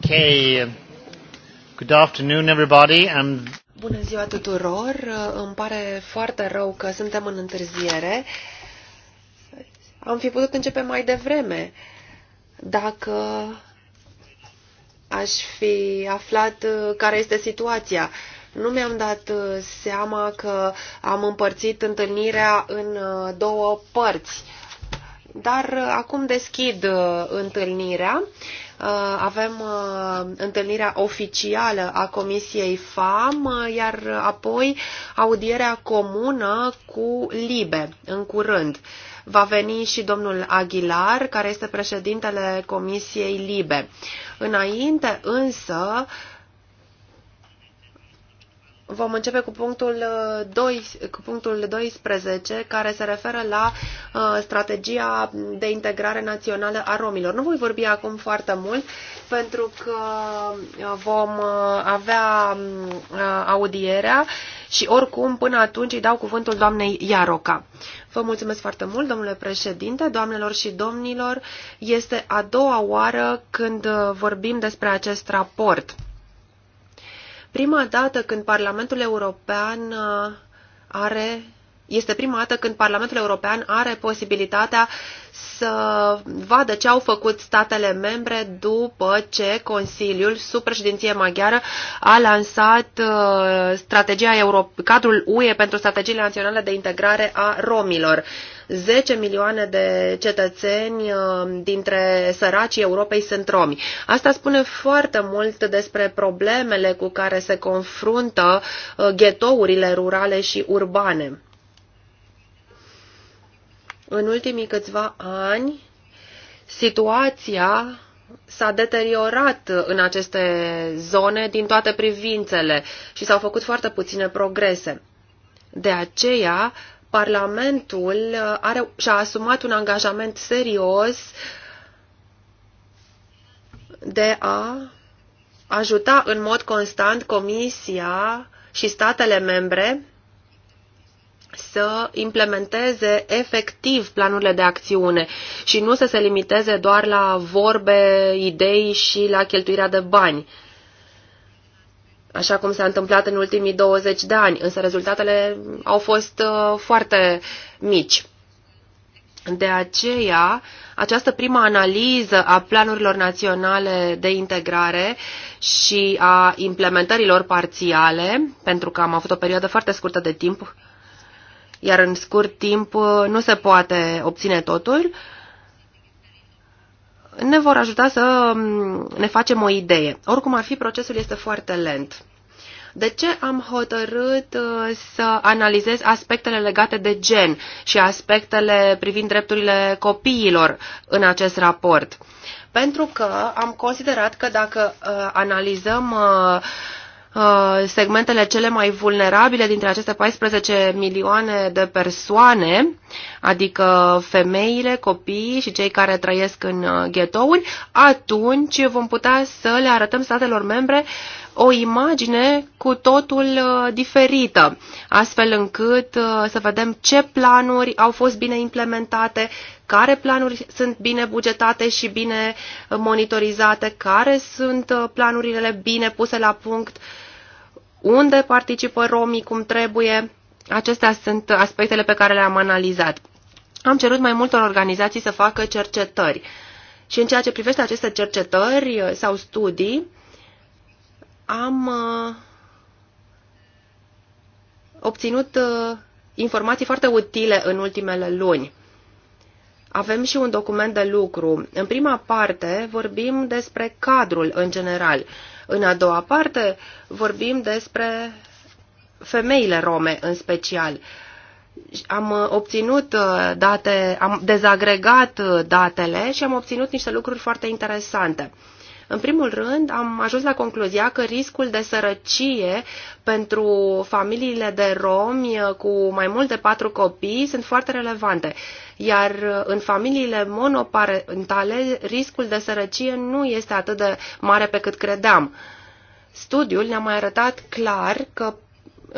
Okay. Good afternoon, everybody. Bună ziua tuturor. Îmi pare foarte rău că suntem în întârziere. Am fi putut începe mai devreme dacă aș fi aflat uh, care este situația. Nu mi-am dat uh, seama că am împărțit întâlnirea în uh, două părți dar acum deschid întâlnirea Uh, avem uh, întâlnirea oficială a Comisiei FAM, uh, iar apoi audierea comună cu LIBE în curând. Va veni și domnul Aguilar, care este președintele Comisiei LIBE. Înainte însă Vom începe cu punctul, 2, uh, cu punctul 12, care se referă la uh, strategia de integrare națională a romilor. Nu voi vorbi acum foarte mult, pentru că uh, vom uh, avea um, uh, audierea și oricum până atunci îi dau cuvântul doamnei Iaroca. Vă mulțumesc foarte mult, domnule președinte, doamnelor și domnilor. Este a doua oară când uh, vorbim despre acest raport prima dată când Parlamentul European uh, are este prima dată când Parlamentul European are posibilitatea să vadă ce au făcut statele membre după ce Consiliul, sub președinție maghiară, a lansat uh, strategia Euro cadrul UE pentru strategiile naționale de integrare a romilor. Uh, 10 milioane de cetățeni uh, dintre săracii Europei sunt romi. Asta spune foarte mult despre problemele cu care se confruntă uh, ghetourile rurale și urbane. În ultimii câțiva ani, situația s-a deteriorat în aceste zone din toate privințele și s-au făcut foarte puține progrese. De aceea, Parlamentul uh, are, și-a asumat un angajament serios de a ajuta în mod constant Comisia și statele membre să implementeze efectiv planurile de acțiune și nu să se limiteze doar la vorbe, idei și la cheltuirea de bani așa cum s-a întâmplat în ultimii 20 de ani, însă rezultatele au fost uh, foarte mici. De aceea, această primă analiză a planurilor naționale de integrare și a implementărilor parțiale, pentru că am avut o perioadă foarte scurtă de timp, iar în scurt timp uh, nu se poate obține totul, uh, ne vor ajuta să mm, ne facem o idee. Oricum ar fi, procesul este foarte lent. De ce am hotărât uh, să analizez aspectele legate de gen și aspectele privind drepturile copiilor în acest raport? Pentru că am considerat că dacă uh, analizăm uh, Uh, segmentele cele mai vulnerabile dintre aceste 14 milioane de persoane, adică femeile, copiii și cei care trăiesc în uh, ghetouri, atunci vom putea să le arătăm statelor membre o imagine cu totul uh, diferită, astfel încât să vedem ce planuri au fost bine implementate, care planuri sunt bine bugetate și bine monitorizate, care sunt planurile bine puse la punct, unde participă romii cum trebuie. Acestea sunt aspectele pe care le-am analizat. Am cerut mai multor organizații să facă cercetări. Și în ceea ce privește aceste cercetări uh, sau studii, am uh, obținut uh, informații foarte utile în ultimele luni. Avem și un document de lucru. În prima parte vorbim despre cadrul în general. În a doua parte vorbim despre femeile rome în special. Am uh, obținut uh, date, am dezagregat uh, datele și am obținut niște lucruri foarte interesante. În primul rând, am ajuns la concluzia că riscul de sărăcie pentru familiile de romi cu mai mult de patru copii sunt foarte relevante, iar în familiile monoparentale riscul de sărăcie nu este atât de mare pe cât credeam. Studiul ne-a mai arătat clar că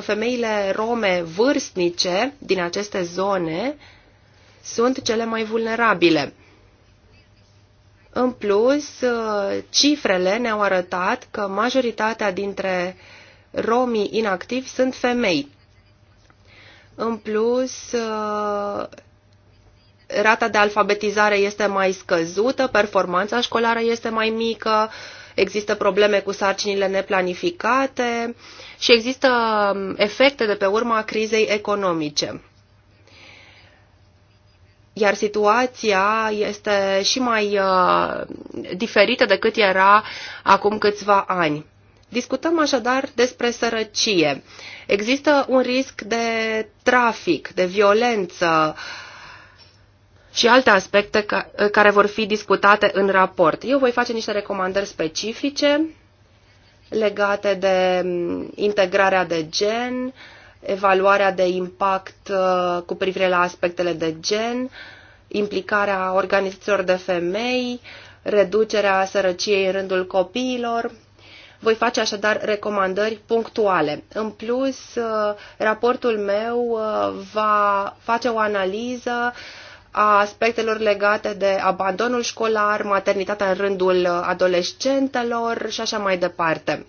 femeile rome vârstnice din aceste zone sunt cele mai vulnerabile. În plus, uh, cifrele ne-au arătat că majoritatea dintre romii inactivi sunt femei. În plus, uh, rata de alfabetizare este mai scăzută, performanța școlară este mai mică, există probleme cu sarcinile neplanificate și există um, efecte de pe urma crizei economice iar situația este și mai uh, diferită decât era acum câțiva ani. Discutăm așadar despre sărăcie. Există un risc de trafic, de violență și alte aspecte care vor fi discutate în raport. Eu voi face niște recomandări specifice legate de mm, integrarea de gen, uh, evaluarea de impact uh, cu privire la aspectele de gen, implicarea organizațiilor de femei, reducerea sărăciei în rândul copiilor. Voi face așadar recomandări punctuale. În plus, uh, raportul meu uh, va face o analiză a aspectelor legate de abandonul școlar, maternitatea în rândul adolescentelor și așa mai departe.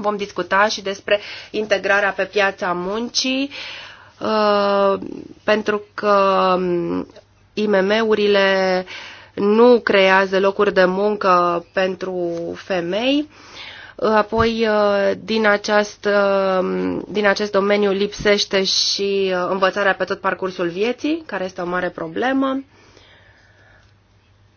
Vom discuta și despre integrarea pe piața muncii, uh, pentru că um, IMM-urile nu creează locuri de muncă pentru femei. Uh, apoi, uh, din acest, din acest domeniu lipsește și învățarea pe tot parcursul vieții, care este o mare problemă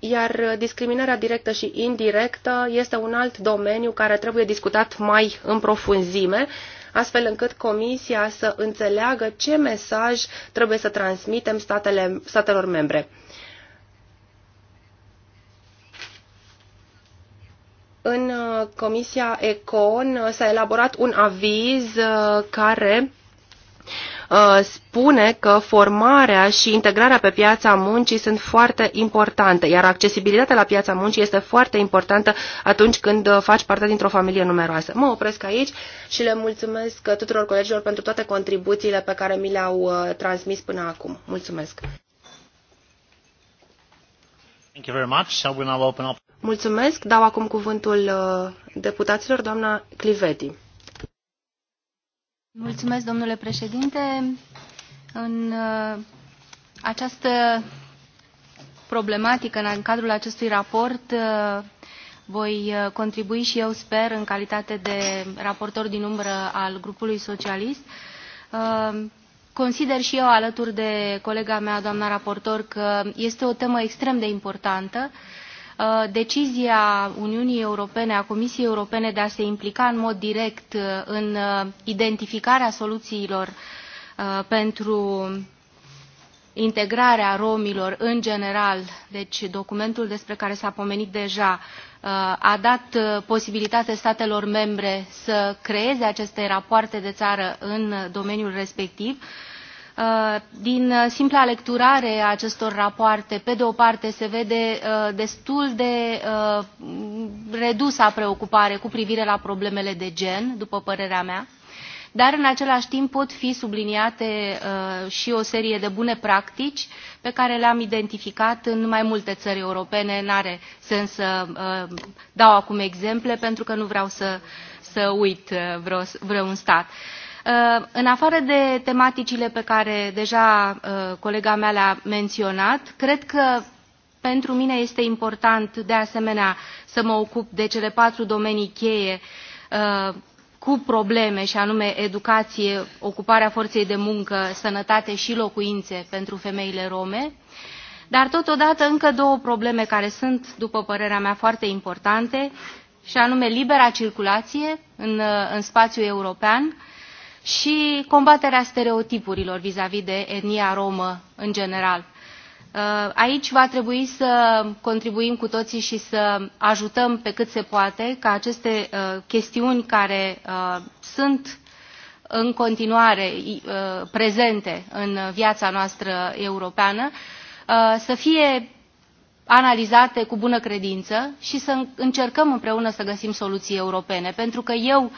iar discriminarea directă și indirectă este un alt domeniu care trebuie discutat mai în profunzime, astfel încât Comisia să înțeleagă ce mesaj trebuie să transmitem statele, statelor membre. În uh, Comisia ECON uh, s-a elaborat un aviz uh, care Uh, spune că formarea și integrarea pe piața muncii sunt foarte importante, iar accesibilitatea la piața muncii este foarte importantă atunci când uh, faci parte dintr-o familie numeroasă. Mă opresc aici și le mulțumesc uh, tuturor colegilor pentru toate contribuțiile pe care mi le-au transmis până acum. Mulțumesc! Thank you very much. Shall we now open up... Mulțumesc. Dau acum cuvântul deputaților, doamna Cliveti. Mulțumesc, domnule președinte. În uh, această problematică, în cadrul acestui raport, uh, voi uh, contribui și eu, sper, în calitate de raportor din umbră al grupului socialist. Consider și eu, alături de colega mea, doamna raportor, că este o temă extrem de importantă Uh, decizia Uniunii Europene, a Comisiei Europene de a se implica în mod direct uh, în uh, identificarea soluțiilor pentru integrarea romilor în general, deci documentul despre care s-a pomenit deja, a dat posibilitate statelor membre să creeze aceste rapoarte de țară în domeniul respectiv, Uh, din uh, simpla lecturare a acestor rapoarte, pe de o parte se vede uh, destul de redusa preocupare cu privire la problemele de gen, după părerea mea, dar în același timp pot fi subliniate și o serie de bune practici pe care le-am identificat în mai multe țări europene. N-are sens să dau acum exemple pentru că nu vreau să, să uit vreo, vreun stat. Uh, în afară de tematicile pe care deja uh, colega mea le-a menționat, cred că pentru mine este important de asemenea să mă ocup de cele patru domenii cheie uh, cu probleme și anume educație, ocuparea forței de muncă, sănătate și locuințe pentru femeile rome, dar totodată încă două probleme care sunt, după părerea mea, foarte importante, și anume libera circulație în, în spațiul european și combaterea stereotipurilor vis-a-vis -vis de etnia romă în general. Uh, aici va trebui să contribuim cu toții și să ajutăm pe cât se poate ca aceste uh, chestiuni care uh, sunt în continuare prezente în viața noastră europeană să fie analizate cu bună credință și să încercăm împreună să găsim soluții europene. Pentru că eu uh,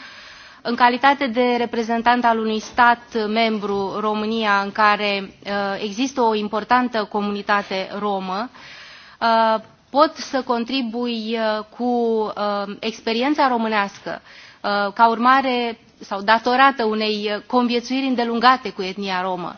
în calitate de reprezentant al unui stat membru, România, în care uh, există o importantă comunitate romă, uh, pot să contribui uh, cu experiența românească ca urmare sau datorată unei conviețuiri îndelungate cu etnia romă,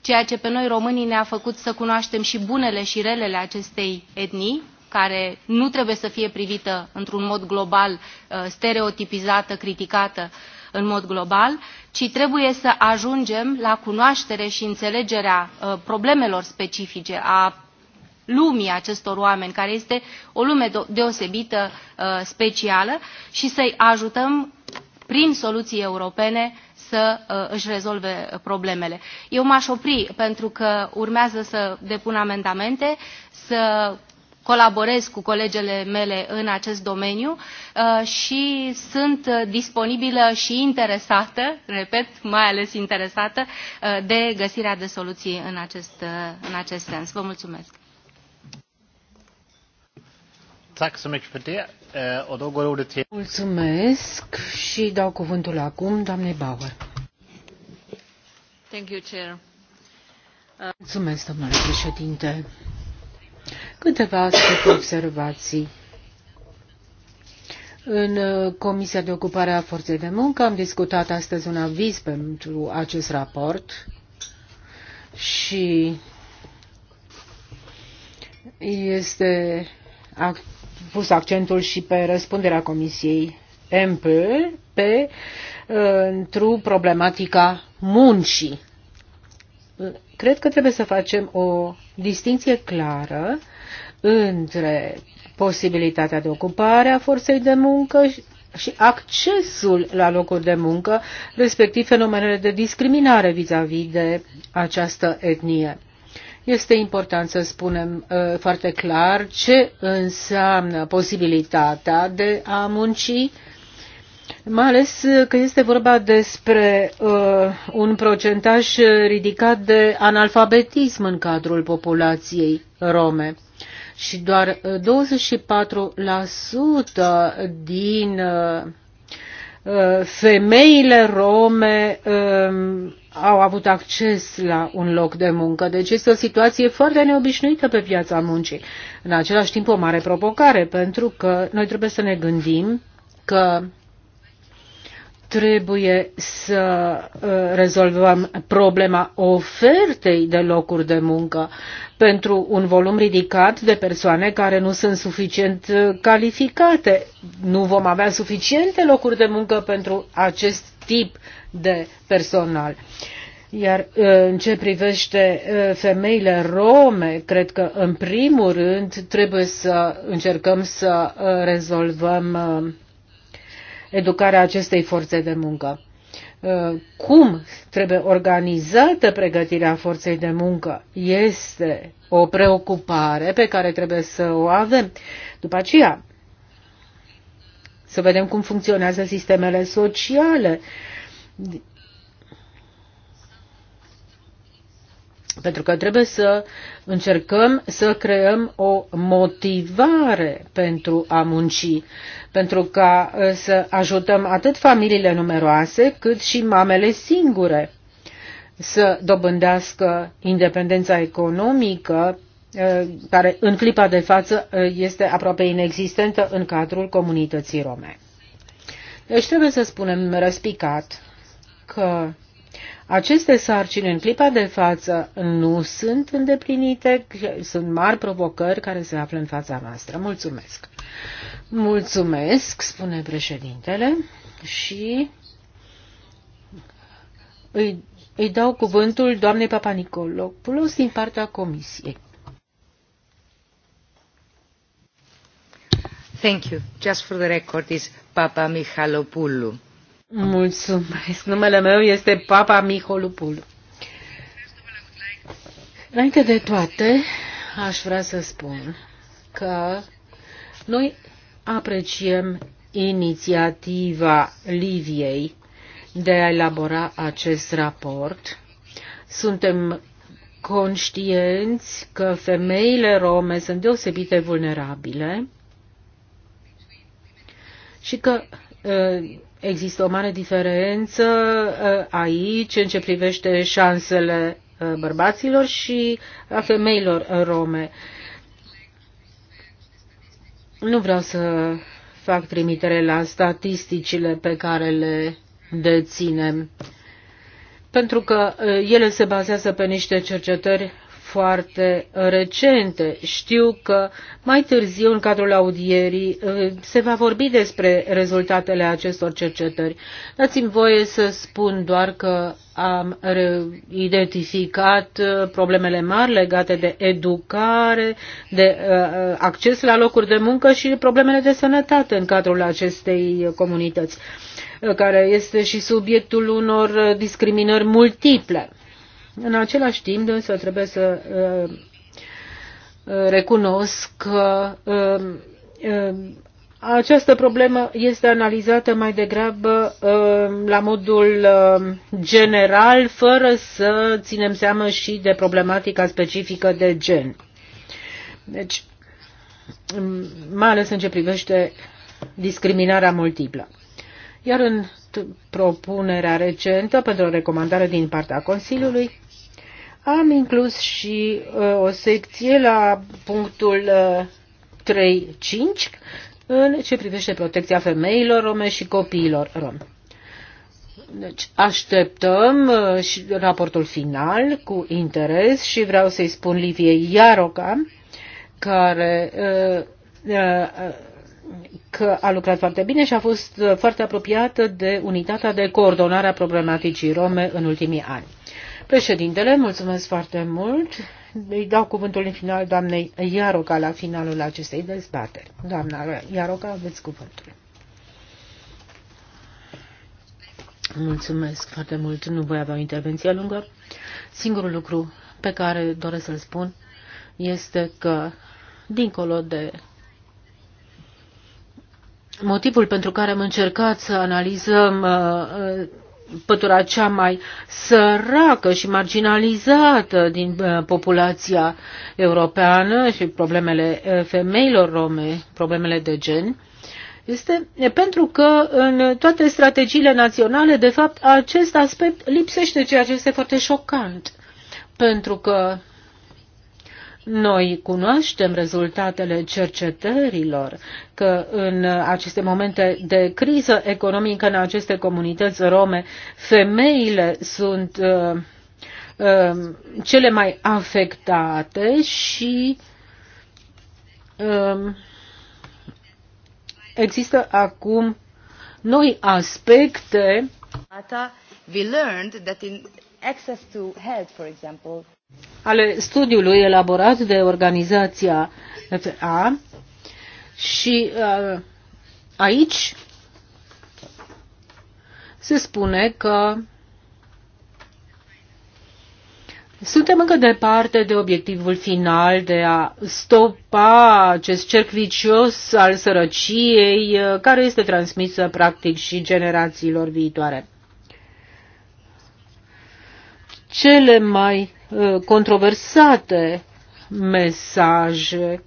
ceea ce pe noi românii ne-a făcut să cunoaștem și bunele și relele acestei etnii care nu trebuie să fie privită într-un mod global, uh, stereotipizată, criticată în mod global, ci trebuie să ajungem la cunoaștere și înțelegerea uh, problemelor specifice, a lumii acestor oameni, care este o lume deosebită, uh, specială, și să-i ajutăm prin soluții europene să își rezolve problemele. Eu m-aș opri pentru că urmează să depun amendamente, să colaborez cu colegele mele în acest domeniu uh, și sunt uh, disponibilă și interesată, repet, mai ales interesată, uh, de găsirea de soluții în acest, în acest sens. Vă mulțumesc! Mulțumesc și dau cuvântul acum doamnei Bauer. Thank you, Chair. Mulțumesc, domnule președinte. Câteva astfel de observații. În uh, Comisia de Ocupare a Forței de Muncă am discutat astăzi un aviz pentru acest raport și este pus accentul și pe răspunderea Comisiei Ample pe uh, întru problematica muncii. Cred că trebuie să facem o distinție clară între posibilitatea de ocupare a forței de muncă și accesul la locuri de muncă, respectiv fenomenele de discriminare vis-a-vis -vis de această etnie. Este important să spunem uh, foarte clar ce înseamnă posibilitatea de a munci, mai ales că este vorba despre uh, un procentaj ridicat de analfabetism în cadrul populației rome și doar 24% uh, din uh, uh, femeile rome um, au avut acces la un loc de muncă. Deci este o situație foarte neobișnuită pe piața muncii. În același timp o mare provocare, pentru că noi trebuie să ne gândim că trebuie să uh, rezolvăm problema ofertei de locuri de muncă pentru un volum ridicat de persoane care nu sunt suficient uh, calificate. Nu vom avea suficiente locuri de muncă pentru acest tip de personal. Iar uh, în ce privește femeile rome, cred că în primul rând trebuie să încercăm să rezolvăm educarea acestei forțe de muncă. Uh, cum trebuie organizată pregătirea forței de muncă este o preocupare pe care trebuie să o avem. După aceea, să vedem cum funcționează sistemele sociale Pentru că trebuie să încercăm să creăm o motivare pentru a munci, pentru ca ă, să ajutăm atât familiile numeroase cât și mamele singure să dobândească independența economică ă, care în clipa de față ă, este aproape inexistentă în cadrul comunității rome. Deci trebuie să spunem răspicat că aceste sarcini în clipa de față nu sunt îndeplinite, sunt mari provocări care se află în fața noastră. Mulțumesc! Mulțumesc, spune președintele, și îi, îi dau cuvântul doamnei Papanicolopoulos din partea Comisiei. Thank you. Just for the record is Papa Mihalopoulou. Mulțumesc. Numele meu este Papa Miholupul. Înainte de toate, aș vrea să spun că noi apreciem inițiativa Liviei de a elabora acest raport. Suntem conștienți că femeile rome sunt deosebite vulnerabile și că uh, Există o mare diferență uh, aici în ce privește șansele uh, bărbaților și a femeilor rome. Nu vreau să fac trimitere la statisticile pe care le deținem, pentru că uh, ele se bazează pe niște cercetări foarte recente. Știu că mai târziu, în cadrul audierii, uh, se va vorbi despre rezultatele acestor cercetări. Dați-mi voie să spun doar că am identificat uh, problemele mari legate de educare, de uh, acces la locuri de muncă și problemele de sănătate în cadrul acestei comunități care este și subiectul unor discriminări multiple. În același timp, însă, trebuie să uh, uh, recunosc că uh, această problemă este analizată mai degrabă la modul general, fără să ținem seama și de problematica specifică de gen. Deci, mai ales în ce privește discriminarea multiplă. Iar în propunerea recentă pentru o recomandare din partea Consiliului, am inclus și uh, o secție la punctul uh, 3.5 în ce privește protecția femeilor rome și copiilor rome. Deci așteptăm uh, și raportul final cu interes și vreau să-i spun Liviei Iaroga, care uh, uh, că a lucrat foarte bine și a fost uh, foarte apropiată de unitatea de coordonare a problematicii rome în ultimii ani. Președintele, mulțumesc foarte mult. Îi dau cuvântul în final doamnei Iaroca la finalul acestei dezbateri. Doamna Iaroca, aveți cuvântul. Mulțumesc foarte mult. Nu voi avea o intervenție lungă. Singurul lucru pe care doresc să-l spun este că, dincolo de motivul pentru care am încercat să analizăm uh, uh, pătura cea mai săracă și marginalizată din uh, populația europeană și problemele uh, femeilor rome, problemele de gen, este pentru că în toate strategiile naționale, de fapt, acest aspect lipsește, ceea ce este foarte șocant. Pentru că noi cunoaștem rezultatele cercetărilor că în aceste momente de criză economică în aceste comunități rome, femeile sunt uh, uh, cele mai afectate și uh, există acum noi aspecte. We learned that in access to health, for example, ale studiului elaborat de organizația FA și uh, aici se spune că suntem încă departe de obiectivul final de a stopa acest cerc vicios al sărăciei uh, care este transmisă practic și generațiilor viitoare cele mai uh, controversate mesaje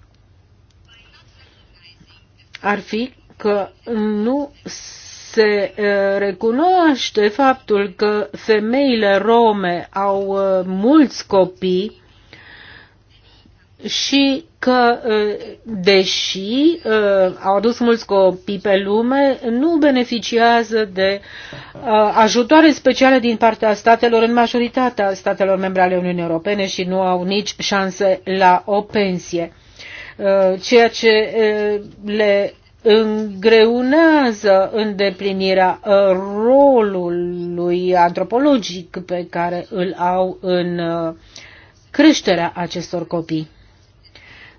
ar fi că nu se uh, recunoaște faptul că femeile rome au uh, mulți copii și că, ă, deși ă, au adus mulți copii pe lume, nu beneficiază de ă, ajutoare speciale din partea statelor, în majoritatea statelor membre ale Uniunii Europene și nu au nici șanse la o pensie. Ceea ce le îngreunează îndeplinirea rolului antropologic pe care îl au în creșterea acestor copii.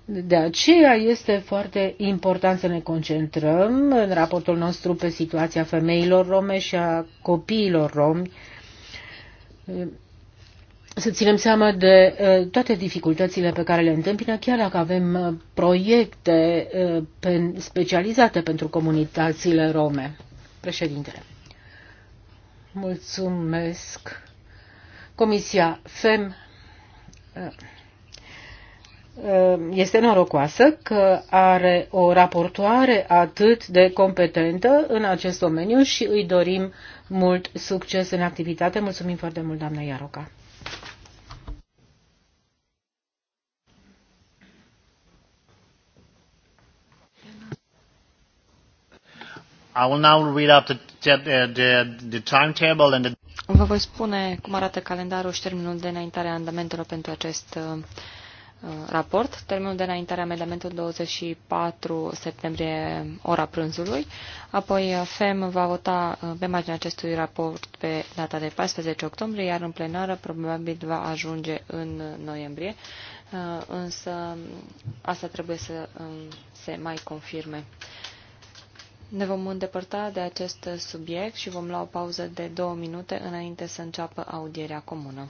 De aceea este foarte important să ne concentrăm în raportul nostru pe situația femeilor rome și a copiilor romi, să ținem seama de toate dificultățile pe care le întâmpină, chiar dacă avem proiecte specializate pentru comunitățile rome. Președintele. Mulțumesc. Comisia FEM Ehm, este norocoasă că are o raportoare atât de competentă în acest domeniu și îi dorim mult succes în activitate. Mulțumim foarte mult, doamna Iaroca. I will now read up the, the, the, the timetable and the... Vă voi spune cum arată calendarul și termenul de înaintare a andamentelor pentru acest uh, Uh, raport, termenul de înaintare a amendamentului 24 septembrie, ora prânzului. Apoi uh, FEM va vota uh, pe marginea acestui raport pe data de 14 octombrie, iar în plenară probabil va ajunge în noiembrie, însă asta trebuie să um, se mai confirme. Ne vom îndepărta de acest subiect și vom lua o pauză de două minute înainte să înceapă audierea comună.